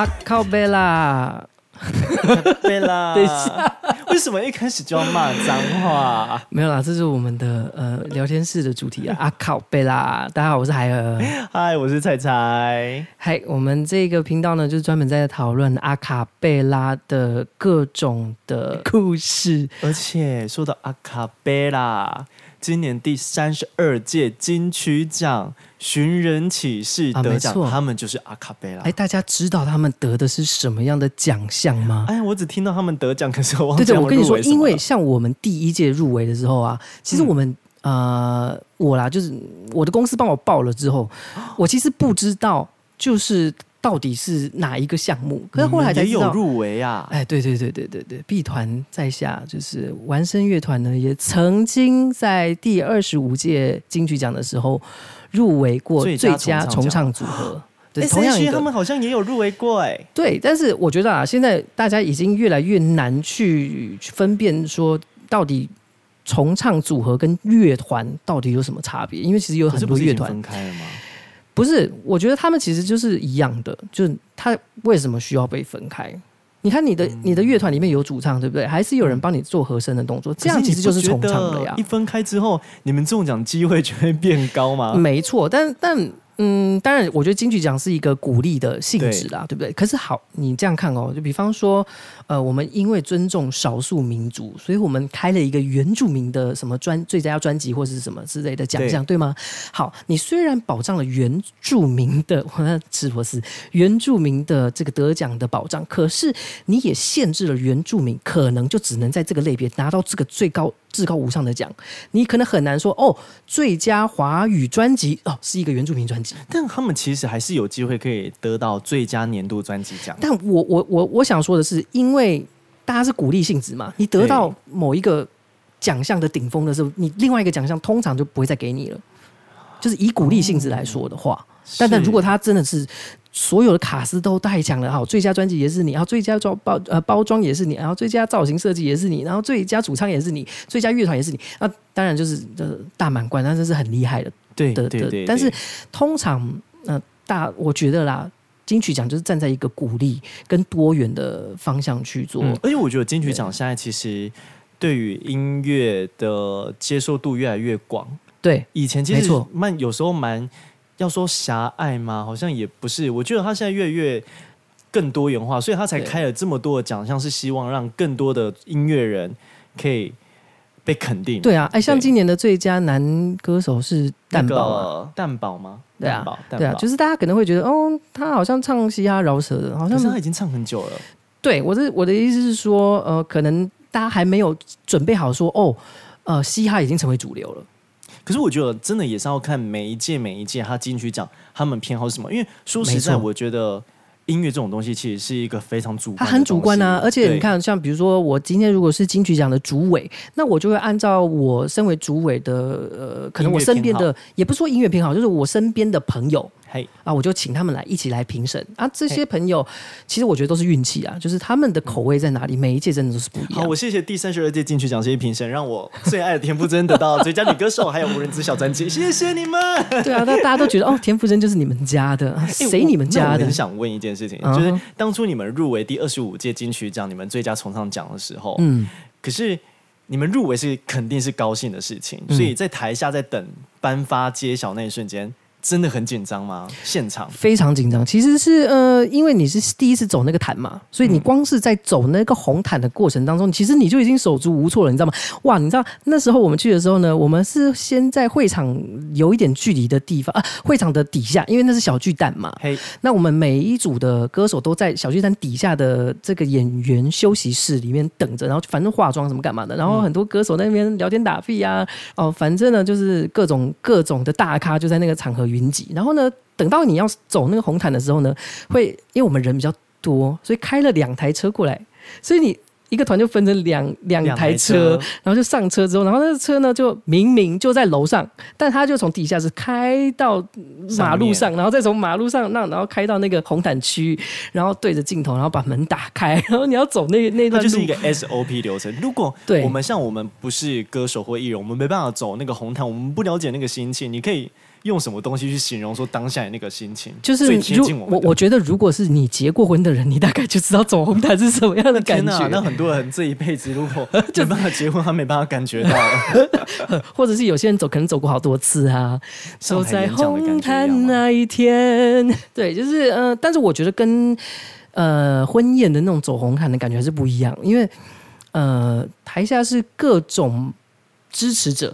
阿卡貝拉，貝 拉，為什麼一開始就要罵髒話？ 沒有啦，這是我們的呃聊天室的主題啊。 阿卡貝拉，大家好，我是海爾，嗨，我是菜菜，嗨，我們這個頻道呢，就是專門在討論阿卡貝拉的各種的故事，而且說到阿卡貝拉。今年第三十二屆金曲獎《尋人啟事》得獎，他們就是阿卡貝拉。哎，大家知道他們得的是什麼樣的獎項嗎？哎，我只聽到他們得獎，可是我忘了。對對，我跟你說，因為像我們第一屆入圍的時候啊，其實我們啊、嗯呃，我啦，就是我的公司幫我報了之後，我其實不知道，就是。到底是哪一個項目？可是後來才知道、嗯、有入圍啊！哎，對對對對對對，B 團在下就是玩聲樂團呢，也曾經在第二十五屆金曲獎的時候入圍過最佳重唱組合。對，欸、同樣他們好像也有入圍過哎、欸。對，但是我覺得啊，現在大家已經越來越難去分辨說到底重唱組合跟樂團到底有什麼差別，因為其實有很多樂團是是分開了不是，我覺得他們其實就是一樣的，就是他為什麼需要被分開？你看，你的、嗯、你的樂團裡面有主唱，對不對？還是有人幫你做和聲的動作，這、嗯、樣其實就是重唱的呀。一分開之後，你們中獎機會就會變高嗎？嗯、沒錯，但但。嗯，當然，我覺得金曲獎是一個鼓勵的性質啦對，對不對？可是好，你這樣看哦，就比方說，呃，我們因為尊重少數民族，所以我們開了一個原住民的什麼專最佳專輯或是什麼之類的獎項對，對嗎？好，你雖然保障了原住民的，我是不是原住民的這個得獎的保障，可是你也限制了原住民可能就只能在這個類別拿到這個最高。至高無上的獎，你可能很難說哦。最佳華語專輯哦，是一個原住民專輯，但他們其實還是有機會可以得到最佳年度專輯獎。但我我我我想說的是，因為大家是鼓勵性質嘛，你得到某一個獎項的頂峰的時候，你另外一個獎項通常就不會再給你了，就是以鼓勵性質來說的話。嗯但但如果他真的是所有的卡司都太強了好，最佳專輯也是你，然後最佳裝包呃包裝也是你，然後最佳造型設計也是你，然後最佳主唱也是你，最佳樂團也是你，那當然就是呃大滿貫，那真是很厲害的。對對對，對但是通常呃大我覺得啦，金曲獎就是站在一個鼓勵跟多元的方向去做。嗯，而且我覺得金曲獎現在其實對於音樂的接受度越來越廣。對，以前其實慢有時候蠻。要說狹隘嗎？好像也不是。我覺得他現在越來越更多元化，所以他才開了這麼多的獎項，像是希望讓更多的音樂人可以被肯定。對啊，哎，像今年的最佳男歌手是蛋堡，那個，蛋堡嗎？蛋堡，啊，對啊，就是大家可能會覺得，哦，他好像唱嘻哈饒舌的，好像他已經唱很久了。對，我是我的意思是說，呃，可能大家還沒有準備好說，哦，呃，嘻哈已經成為主流了。可是我覺得真的也是要看每一屆，每一屆他金曲獎他們偏好什麼，因為說實在，我覺得音樂這種東西其實是一個非常主觀的，他很主觀啊，而且你看，像比如說我今天如果是金曲獎的主委，那我就會按照我身為主委的呃，可能我身邊的，也不說音樂偏好，就是我身邊的朋友。嘿、hey.，啊，我就請他們來一起來評審啊。這些朋友、hey. 其實我覺得都是運氣啊，就是他們的口味在哪裡，嗯、每一屆真的都是不一樣。好，我謝謝第三十二屆金曲獎這些評審，讓我最愛的田馥甄得到的最佳女歌手， 還有無人知曉專輯。謝謝你們。 對啊，大家都覺得哦，田馥甄就是你們家的，啊、誰你們家的？欸、我很想問一件事情，就是當初你們入圍第二十五屆金曲獎，uh-huh. 你們最佳重唱獎的時候，嗯，可是你們入圍是肯定是高興的事情，嗯、所以在台下在等頒發揭曉那一瞬間。真的很緊張嗎？現場非常緊張。其實是呃，因為你是第一次走那個毯嘛，所以你光是在走那個紅毯的過程當中，嗯，其實你就已經手足無措了，你知道嗎？哇，你知道那時候我們去的時候呢，我們是先在會場有一點距離的地方啊，會場的底下，因為那是小巨蛋嘛。嘿、hey，那我們每一組的歌手都在小巨蛋底下的這個演員休息室裡面等着，然後反正化妝什麼幹嘛的，然後很多歌手在那邊聊天打屁啊，嗯、哦，反正呢就是各種各種的大咖就在那個場合，雲集，然後呢，等到你要走那個紅毯的時候呢，會，因為我們人比較多，所以開了兩台車過來，所以你一個團就分成兩兩台、兩台車，然後就上車之後，然後那個車呢就明明就在樓上，但他就從底下是開到馬路上，上然後再從馬路上那然後開到那個紅毯區，然後對着鏡頭，然後把門打開，然後你要走那那段路就是一個 SOP 流程。如果我們像我們不是歌手或藝人，我們沒辦法走那個紅毯，我們不了解那個心情，你可以。用什麼東西去形容說當下那個心情？就是，如最近我我，我覺得，如果是你結過婚的人， 你大概就知道走紅毯是什麼樣的感覺。啊、那很多人這一輩子如果沒辦法結婚， 就是、他沒辦法感覺到。 或者是有些人走，可能走過好多次啊。走在紅毯那一天，對，就是呃，但是我覺得跟呃婚宴的那種走紅毯的感覺還是不一樣，因為呃台下是各種支持者，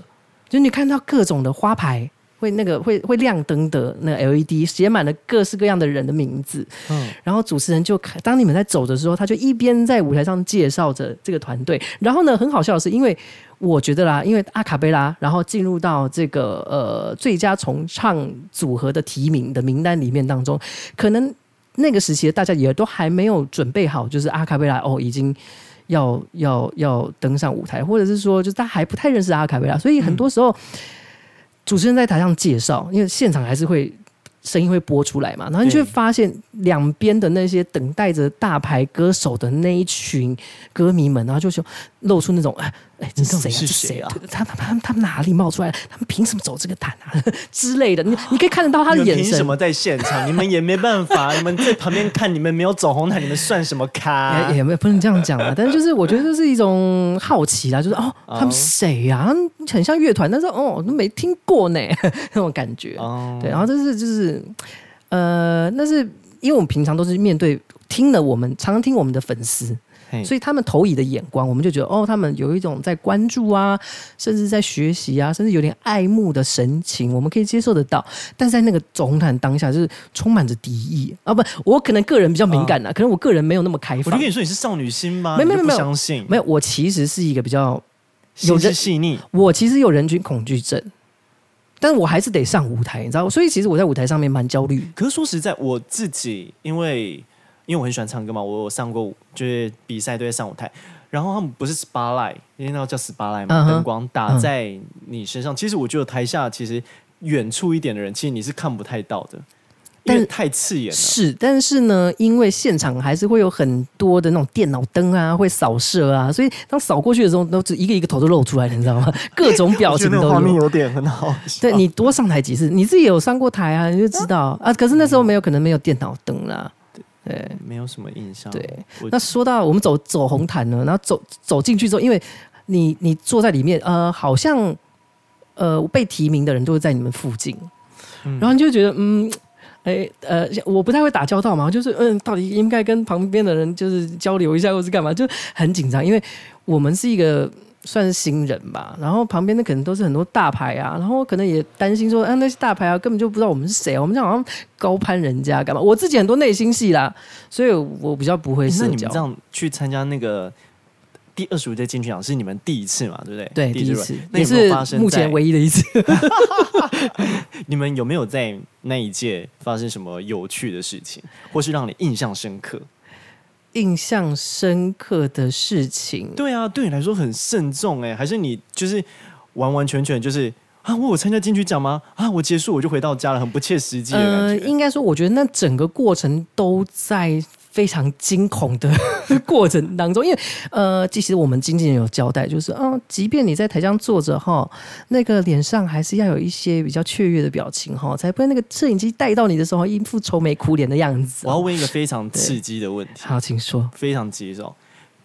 就是、你看到各種的花牌。會那個會會亮燈的那個 LED 寫滿了各式各樣的人的名字，嗯，然後主持人就當你們在走的時候，他就一邊在舞台上介紹着這個團隊。然後呢，很好笑的是，因為我覺得啦，因為阿卡貝拉，然後進入到這個呃最佳重唱組合的提名的名單裡面當中，可能那個時期的大家也都還沒有準備好，就是阿卡貝拉哦，已經要要要登上舞台，或者是說，就是大家還不太認識阿卡貝拉，所以很多時候、嗯。主持人在台上介紹，因為現場還是會聲音會播出來嘛，然後你就會發現兩邊的那些等待着大牌歌手的那一群歌迷們，然後就就露出那種哎哎、欸，這是誰？是誰啊？啊啊他他他他們哪裡冒出來的？他們憑什麼走這個毯啊？ 之類的，你你可以看得到他的眼神。哦、你們憑什麼在現場？ 你們也沒辦法。你們在旁邊看， 你們沒有走紅毯，你們算什麼咖？也也，也不能這樣講啊。 但是就是我覺得這是一種好奇啦、啊，就是哦，他們誰啊？很像樂團，但是哦，都沒聽過呢，那種感覺。哦、對，然後就是就是呃，那是因為我們平常都是面對聽了我們常，常聽我們的粉絲。Hey. 所以他們投以的眼光，我們就覺得哦，他們有一種在關注啊，甚至在學習啊，甚至有點愛慕的神情，我們可以接受得到。但是在那個走紅毯當下，就是充滿着敵意啊！不，我可能個人比較敏感啊，uh, 可能我個人沒有那麼開放。我就跟你說，你是少女心嗎？沒有，沒有，不相信。沒有，我其實是一個比較有思細，細膩。我其實有人群恐懼症，但是我還是得上舞台，你知道？所以其實我在舞台上面蠻焦慮。可是說實在，我自己因為。因為我很喜歡唱歌嘛，我有上過就是比賽都在上舞台，然後他們不是 spotlight 因為那叫 spotlight 嘛，嗯、燈光打在你身上、嗯。其實我覺得台下其實遠處一點的人，其實你是看不太到的，但是太刺眼了。是，但是呢，因為現場還是會有很多的那種電腦燈啊，會掃射啊，所以當掃過去的時候，都一個一個頭都露出來了，你知道嗎？各種表情都有，有 點很好笑。對，你多上台幾次，你自己有上過台啊，你就知道啊，啊。可是那時候沒有，可能沒有電腦燈啦。對、嗯，沒有什麼印象。對，那說到我們走走紅毯呢，然後走走進去之後，因為你你坐在裡面，呃，好像呃被提名的人都在你們附近，然後你就覺得嗯，哎、嗯欸、呃，我不太會打交道嘛，就是嗯，到底應該跟旁邊的人就是交流一下，或是幹嘛，就很緊張，因為我們是一個。算是新人吧，然後旁邊的可能都是很多大牌啊，然後我可能也擔心說啊，那些大牌啊根本就不知道我們是誰，啊，我們就好像高攀人家幹嘛？我自己很多內心戲啦，所以我比較不會社交。欸、那你們這樣去參加那個第二十五屆金曲獎是你們第一次嘛？對不對？對，第一次，一次那也是目前唯一的一次。 你們有沒有在那一屆發生什麼有趣的事情，或是讓你印象深刻？印象深刻的事情？對啊，對你來說很慎重哎、欸，還是你就是完完全全就是啊，我有參加金曲獎嗎？啊，我結束我就回到家了，很不切實際的感覺、呃、應該說，我覺得那整個過程都在。非常驚恐的過程當中，因為呃，其實我們經紀人有交代，就是嗯、呃，即便你在台上坐着哈、哦，那個臉上還是要有一些比較雀躍的表情哈、哦，才不會那個攝影機帶到你的時候一副愁眉苦臉的樣子、哦。我要問一個非常刺激的問題，好，請說，非常急哦。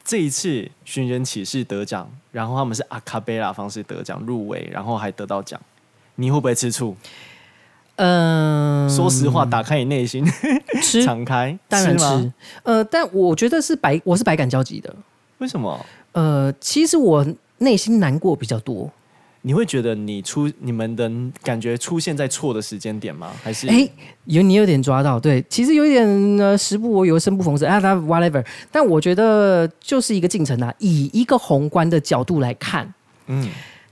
這一次《尋人啟事》得獎，然後他們是阿卡貝拉方式得獎入圍，然後還得到獎，你會不會吃醋？嗯，說實話，打開你內心， 敞開，當然是吃。呃，但我覺得是百，我是百感交集的。為什麼？呃，其實我內心難過比較多。你會覺得你出你們的感覺出現在錯的時間點嗎？還是哎、欸，有你有點抓到對，其實有一點呃，時不我有，生不逢時。哎，whatever。但我覺得就是一個進程啊，以一個宏觀的角度來看，嗯，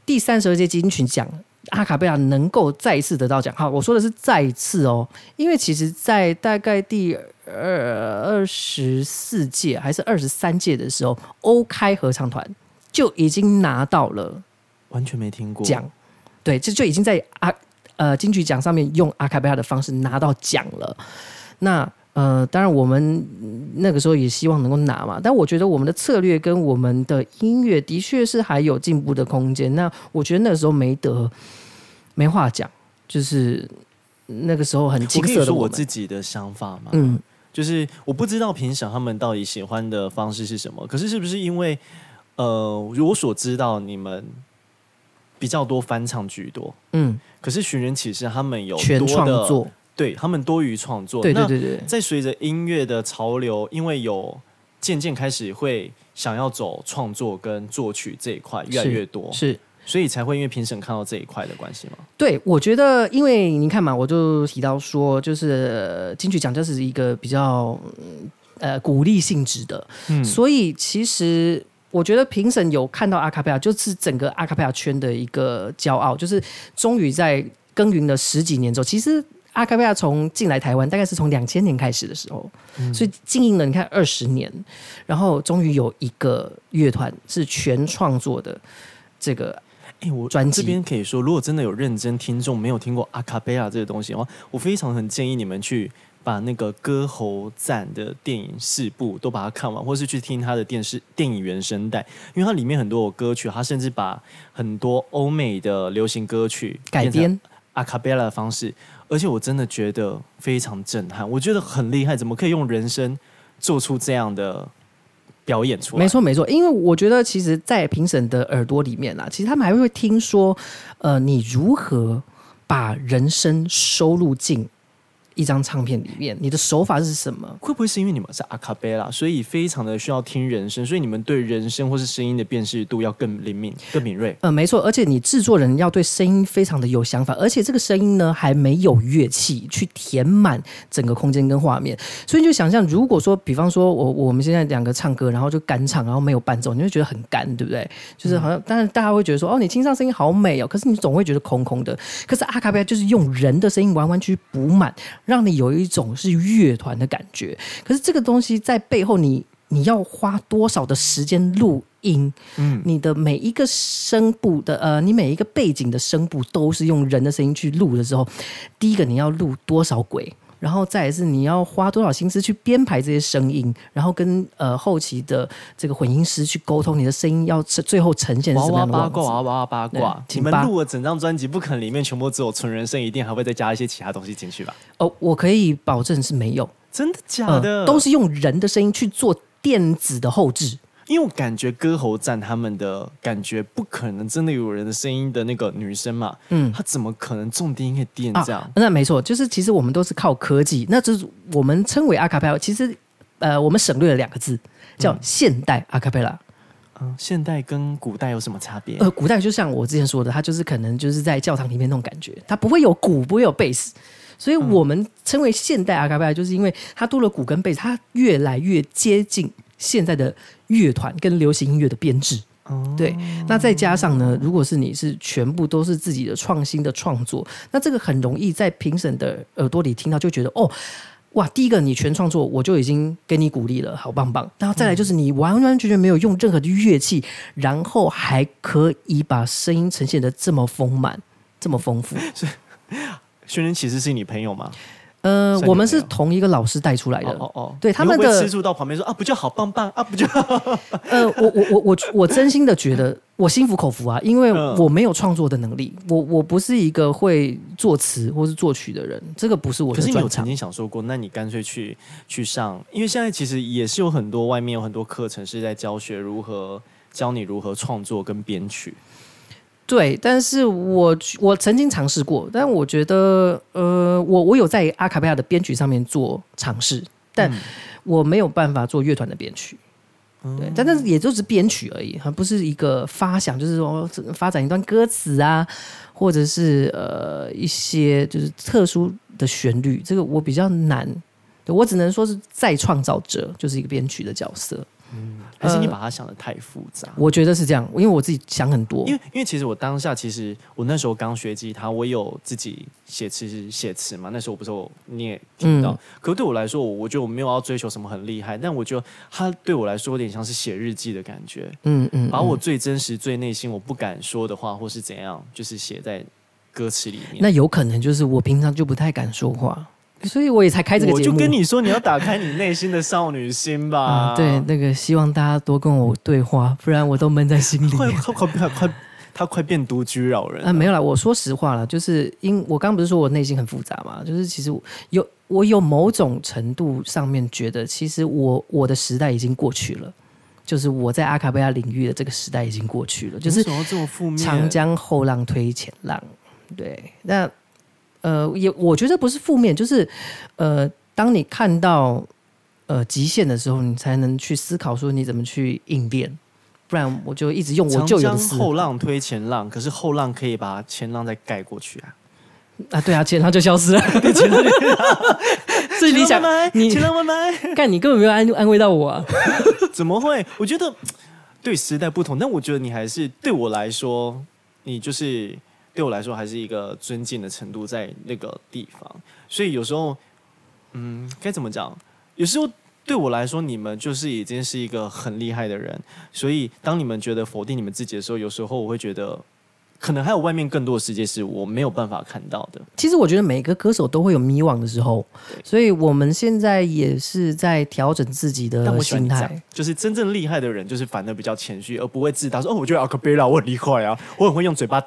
第三十二屆金曲獎。.阿卡貝拉能夠再一次得到獎。好，我說的是再一次哦，因為其實，在大概第二二十四屆還是二十三屆的時候，歐開合唱團就已經拿到了，完全沒聽過獎，對，這就，就已經在啊呃金曲獎上面用阿卡貝拉的方式拿到獎了。那。呃，當然，我們那個時候也希望能夠拿嘛，但我覺得我們的策略跟我們的音樂的確是還有進步的空間。那我覺得那時候沒得沒話講，就是那個時候很青澀的我。我可以說我自己的想法嘛，嗯，就是我不知道評審他們到底喜歡的方式是什麼，可是是不是因為呃，我所知道你們比較多翻唱居多，嗯，可是尋人啟事他們有全創作。對，他們多於創作，對對對對，在隨着音樂的潮流，因為有漸漸開始會想要走創作跟作曲這一塊越來越多，是，是所以才會因為評審看到這一塊的關係嗎？對，我覺得因為你看嘛，我就提到說，就是金曲獎就是一個比較呃鼓勵性質的，嗯，所以其實我覺得評審有看到阿卡貝拉，就是整個阿卡貝拉圈的一個驕傲，就是終於在耕耘了十幾年之後，其實。阿卡貝拉從進來台灣，大概是從兩千年開始的時候，嗯、所以經營了你看二十年，然後終於有一個樂團是全創作的這個。哎、欸，我這邊可以說，如果真的有認真聽眾沒有聽過阿卡貝拉這個東西的話，我非常很建議你們去把那個歌喉讚的電影四部都把它看完，或是去聽他的電視電影原聲帶，因為它裡面很多有歌曲，他甚至把很多歐美的流行歌曲改編阿卡貝拉的方式。而且我真的覺得非常震撼，我覺得很厲害，怎麼可以用人聲做出這樣的表演出來？沒錯，沒錯，因為我覺得其實，在評審的耳朵裡面啊，其實他們還會聽說，呃，你如何把人聲收錄進一張唱片裡面，你的手法是什麼？會不會是因為你們是阿卡貝拉，所以非常的需要聽人聲，所以你們對人聲或是聲音的辨識度要更靈敏、更敏銳？嗯，沒錯，而且你制作人要對聲音非常的有想法，而且這個聲音呢還沒有樂器去填滿整個空間跟畫面，所以你就想象，如果說，比方說，我我們現在兩個唱歌，然後就乾唱，然後沒有伴奏，你會覺得很乾，對不對？就是好像，嗯，但是大家會覺得說，哦，你聽上聲音好美哦，可是你總會覺得空空的。可是阿卡貝拉就是用人的聲音完完全全補滿。讓你有一種是樂團的感覺，可是這個東西在背後你，你你要花多少的時間錄音？嗯，你的每一個聲部的呃，你每一個背景的聲部都是用人的聲音去錄的時候，第一個你要錄多少軌？然後再來，是你要花多少心思去編排這些聲音，然後跟呃後期的這個混音師去溝通你的聲音要最後呈現什麼樣的樣子。哇哇八卦，哇哇八卦，嗯，請，你們錄了整張專輯，不可能裡面全部只有純人聲，一定還會再加一些其他東西進去吧？哦，我可以保證是沒有，真的假的？呃、都是用人的聲音去做電子的後置。因為我感覺歌喉戰他們的感覺不可能真的有人的聲音的那個女生嘛，嗯，她怎麼可能重低音跟電這樣，啊？那沒錯，就是其實我們都是靠科技，那就是我們稱為阿卡貝拉。其實，呃，我們省略了兩個字，叫現代阿卡貝拉。嗯，現代跟古代有什麼差別？呃，古代就像我之前說的，它就是可能就是在教堂裡面那種感覺，它不會有鼓，不會有貝斯，所以我們稱為現代阿卡貝拉，就是因為它多了鼓跟貝斯，它越來越接近現在的樂團跟流行音樂的編制。哦，對，那再加上呢，如果是你是全部都是自己的創新的創作，那這個很容易在評審的耳朵裡聽到，就覺得哦，哇，第一個你全創作，我就已經給你鼓勵了，好棒棒。然後再來就是你完完全全沒有用任何的樂器，然後還可以把聲音呈現得這麼豐滿，這麼豐富。是軒軒其實是你朋友嗎？呃，我們是同一個老師帶出來的，oh, oh, oh. 對他們的吃住到旁邊說啊，不就好棒棒啊，不就好， 呃，我我我我我真心的覺得我心服口服啊，因為我沒有創作的能力，我我不是一個會作詞或是作曲的人，這個不是我。可是你有曾經想說過，那你乾脆去去上，因為現在其實也是有很多外面有很多課程是在教學如何教你如何創作跟編曲。對，但是我我曾經嘗試過，但我覺得，呃，我我有在阿卡貝拉的編曲上面做嘗試，但我沒有辦法做樂團的編曲，嗯、對，但是也就是編曲而已，還不是一個發想，就是說發展一段歌詞啊，或者是呃一些就是特殊的旋律，這個我比較難，對，我只能說是再創造者，就是一個編曲的角色。嗯、呃，還是你把它想得太複雜？我覺得是這樣，因為我自己想很多，因為因為其實我當下其實我那時候剛學吉他，我有自己寫詞寫詞嘛。那時候我不是我你也聽到，嗯、可是對我來說，我我覺得我沒有要追求什麼很厲害。但我覺得他對我來說有點像是寫日記的感覺。嗯嗯，嗯，把我最真實、最內心、我不敢說的話，或是怎樣，就是寫在歌詞裡面。那有可能就是我平常就不太敢說話。嗯所以我也才開這個節目。我就跟你說，你要打開你內心的少女心吧，啊。對，那個希望大家多跟我對話，不然我都悶在心裡。快快快快，他快變獨居老人，啊。沒有啦，我說實話啦，就是因為我剛剛不是說我內心很複雜嘛，就是其實有我有某種程度上面覺得，其實我我的時代已經過去了，就是我在阿卡貝拉領域的這個時代已經過去了，就是長江後浪推前浪。對，那。呃，也我覺得不是負面，就是呃，當你看到呃極限的時候，你才能去思考說你怎麼去應變，不然我就一直用我就有將將後浪推前浪，可是後浪可以把前浪再蓋過去啊啊，對啊，前浪就消失了。前浪外賣，前浪外賣，幹 你， 你，你根本沒有安安慰到我、啊， 怎麼會？我覺得對時代不同，但我覺得你還是對我來說，你就是。對我來說還是一個尊敬的程度，在那個地方，所以有時候，嗯，該怎麼講？有時候對我來說，你們就是已經是一個很厲害的人。所以當你們覺得否定你們自己的時候，有時候我會覺得，可能還有外面更多的世界是我沒有辦法看到的。其實我覺得每個歌手都會有迷惘的時候，所以我們現在也是在調整自己的心態。就是真正厲害的人，就是反而比較謙虛，而不會自大。說哦，我覺得阿卡貝拉我很厲害啊，我很會用嘴巴。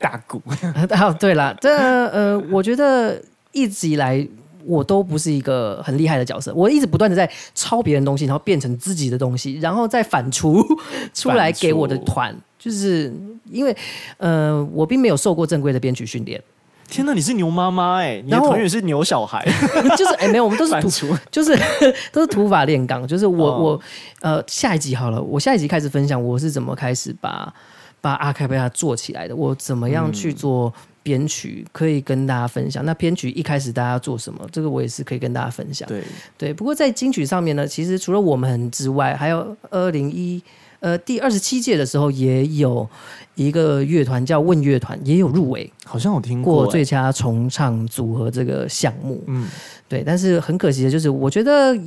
打鼓、 啊、對啦，這呃，我覺得一直以來我都不是一個很厲害的角色。我一直不斷地在抄別人東西，然後變成自己的東西，然後再反芻出來給我的團。就是因為呃，我並沒有受過正規的編曲訓練。天哪，你是牛媽媽哎、欸！你的團員是牛小孩， 就是哎沒有，我們都是土，就是呵呵都是土法煉鋼。就是我、哦、我呃下一集好了，我下一集開始分享我是怎麼開始吧。把阿卡貝拉做起來的，我怎麼樣去做編曲、嗯、可以跟大家分享？那編曲一開始大家做什麼？這個我也是可以跟大家分享。對對。不過在金曲上面呢，其實除了我們之外，還有二零一呃第二十七屆的時候也有一個樂團叫問樂團，也有入圍，好像我聽過，過最佳重唱組合這個項目。嗯，對。但是很可惜的就是，我覺得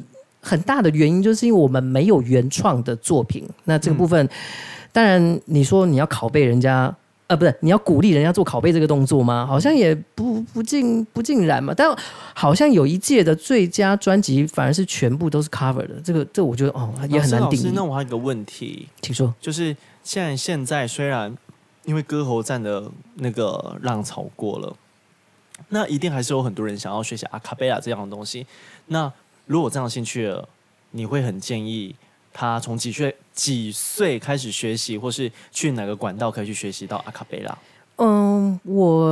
很大的原因就是因為我們沒有原創的作品，那這個部分。嗯當然，你說你要拷貝人家，呃，不是，你要鼓勵人家做拷貝這個動作嗎？好像也不不盡不盡然嘛。但好像有一屆的最佳專輯反而是全部都是 cover 的，這個這個、我覺得哦也很難。老師,老師,那我還有一個問題，請說，就是現在現在雖然因為歌喉戰的那個浪潮過了，那一定還是有很多人想要學習阿卡貝拉這樣的東西。那如果我這樣興趣了，你會很建議？他從幾歲幾歲開始學習，或是去哪個管道可以去學習到阿卡貝拉？嗯，我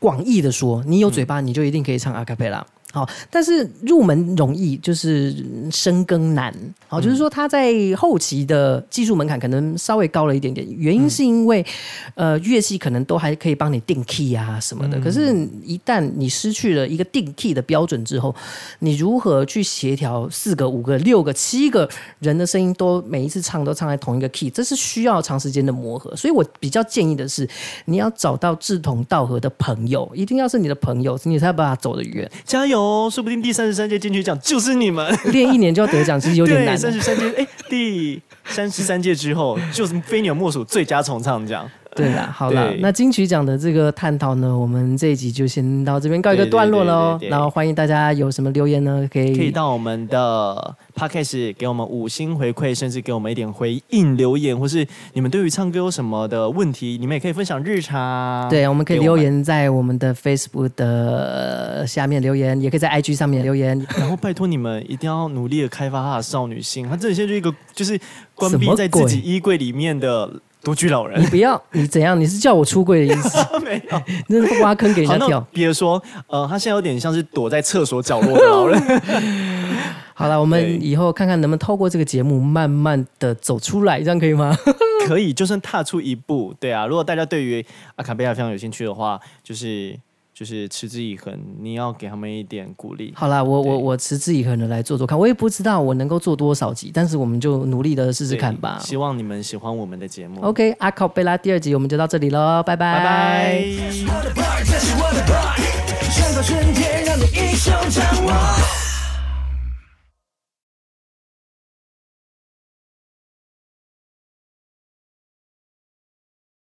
廣義的說，你有嘴巴，你就一定可以唱阿卡貝拉。嗯好，但是入門容易，就是深耕難。好，就是說他在後期的技術門檻可能稍微高了一點點。原因是因為，嗯、呃，樂器可能都還可以幫你定 key 啊什麼的。嗯、可是，一旦你失去了一個定 key 的標準之後，你如何去協調四個、五個、六個、七個人的聲音都每一次唱都唱在同一個 key，這是需要長時間的磨合。所以我比較建議的是，你要找到志同道合的朋友，一定要是你的朋友，你才把它走得遠。加油！哦，說不定第三十三屆金曲獎就是你們練一年就要得獎， 其實有點難。對，三十三屆哎，第三十三屆之後 就是非你莫屬最佳重唱獎。對啦，好啦，那金曲獎的這個探討呢，我們這一集就先到這邊告一個段落了哦。對對對對對，然後歡迎大家有什麼留言呢，可以可以到我們的 Podcast 給我們五星回饋，甚至給我們一點回應留言，或是你們對於唱歌有什麼的問題，你們也可以分享日常。對，我們可以留言在我們的 Facebook 的下面留言，也可以在 IG 上面留言。然後拜托你們 一定要努力的開發她的少女心，她這裡現在就是一個就是關閉在自己衣櫃裡面的。獨居老人，你不要，你怎樣？你是叫我出櫃的意思？ 沒有， 那是挖坑給人家跳。比如說，呃，他現在有點像是躲在廁所角落的老人。 好了，我們以後看看能不能透過這個節目慢慢的走出來，這樣可以嗎？ 可以，就算踏出一步。對啊，如果大家對於阿卡貝拉非常有興趣的話，就是。就是持之以恆，你要給他們一點鼓勵。好啦，我我我持之以恆的來做做看，我也不知道我能夠做多少集，但是我們就努力的試試看吧。希望你們喜歡我們的節目。OK，阿卡貝拉第二集我們就到這裡嘍，拜拜。Bye bye